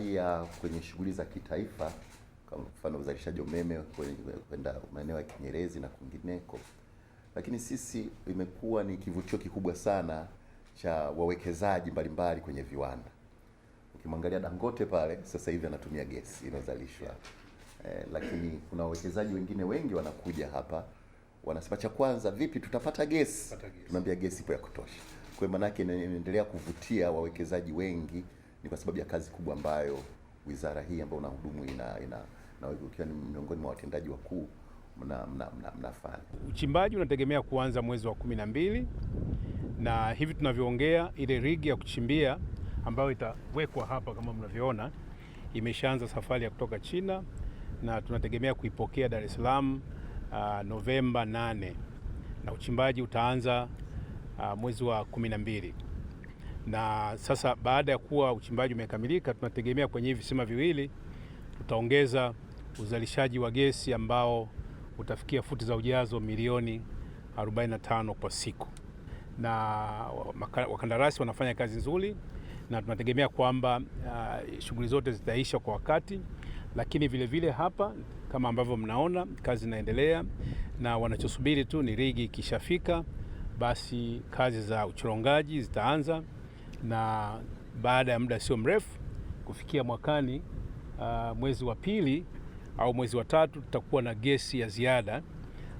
ya kwenye shughuli za kitaifa, kwa mfano uzalishaji wa umeme kwenda maeneo ya Kinyerezi na kwingineko, lakini sisi imekuwa ni kivutio kikubwa sana cha wawekezaji mbalimbali kwenye viwanda. Ukimwangalia Dangote pale sasa hivi anatumia gesi inayozalishwa eh, lakini kuna wawekezaji wengine wengi wanakuja hapa wanasema, cha kwanza vipi tutapata gesi? Tunaambia gesi ipo ya kutosha. Kwa maana yake inaendelea kuvutia wawekezaji wengi ni kwa sababu ya kazi kubwa ambayo wizara hii ambayo unahudumu ina, ina na ukiwa ni miongoni mwa watendaji wakuu mnafanya mna, mna, mna. Uchimbaji unategemea kuanza mwezi wa kumi na mbili na hivi tunavyoongea ile rigi ya kuchimbia ambayo itawekwa hapa kama mnavyoona imeshaanza safari ya kutoka China na tunategemea kuipokea Dar es Salaam uh, Novemba 8 na uchimbaji utaanza uh, mwezi wa kumi na mbili na sasa baada ya kuwa uchimbaji umekamilika, tunategemea kwenye hivi visima viwili tutaongeza uzalishaji wa gesi ambao utafikia futi za ujazo milioni 45 kwa siku, na wakandarasi wanafanya kazi nzuri na tunategemea kwamba uh, shughuli zote zitaisha kwa wakati, lakini vilevile vile hapa kama ambavyo mnaona kazi inaendelea, na wanachosubiri tu ni rigi ikishafika, basi kazi za uchorongaji zitaanza na baada ya muda sio mrefu kufikia mwakani, uh, mwezi wa pili au mwezi wa tatu tutakuwa na gesi ya ziada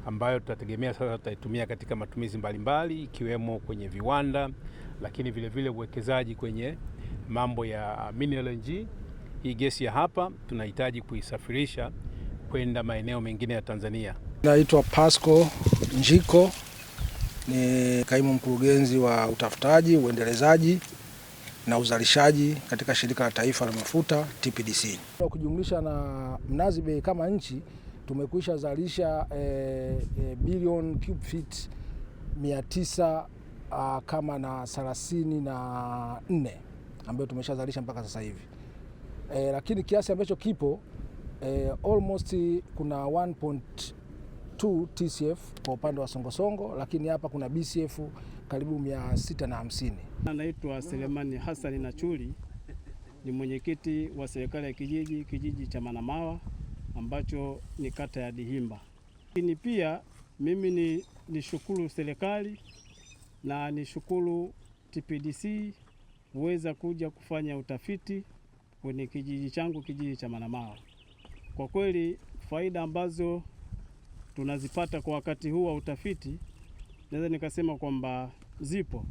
ambayo tutategemea sasa tutaitumia katika matumizi mbalimbali ikiwemo kwenye viwanda, lakini vilevile uwekezaji kwenye mambo ya ah, mini LNG. Hii gesi ya hapa tunahitaji kuisafirisha kwenda maeneo mengine ya Tanzania. Naitwa Pasco Njiko ni kaimu mkurugenzi wa utafutaji, uendelezaji na uzalishaji katika shirika la taifa la mafuta TPDC. Kujumlisha na mnazi bei kama nchi tumekwisha zalisha e, eh, e, eh, bilioni cube feet tisa a, ah, kama na thelathini na nne ambayo tumeshazalisha mpaka sasa hivi e, lakini kiasi ambacho kipo e, almost kuna 2 TCF kwa upande wa Songosongo, lakini hapa kuna BCF karibu 650. Anaitwa Selemani Hasani Nachuli, ni mwenyekiti wa serikali ya kijiji kijiji cha Manamawa ambacho ni kata ya Dihimba. Lakini pia mimi ni nishukuru serikali na nishukuru TPDC kuweza kuja kufanya utafiti kwenye kijiji changu kijiji cha Manamawa. Kwa kweli faida ambazo tunazipata kwa wakati huu wa utafiti, naweza nikasema kwamba zipo.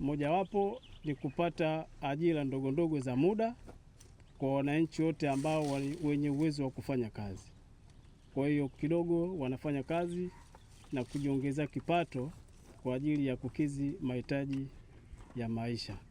Mojawapo ni kupata ajira ndogo ndogo za muda kwa wananchi wote ambao wenye uwezo wa kufanya kazi. Kwa hiyo kidogo wanafanya kazi na kujiongezea kipato kwa ajili ya kukidhi mahitaji ya maisha.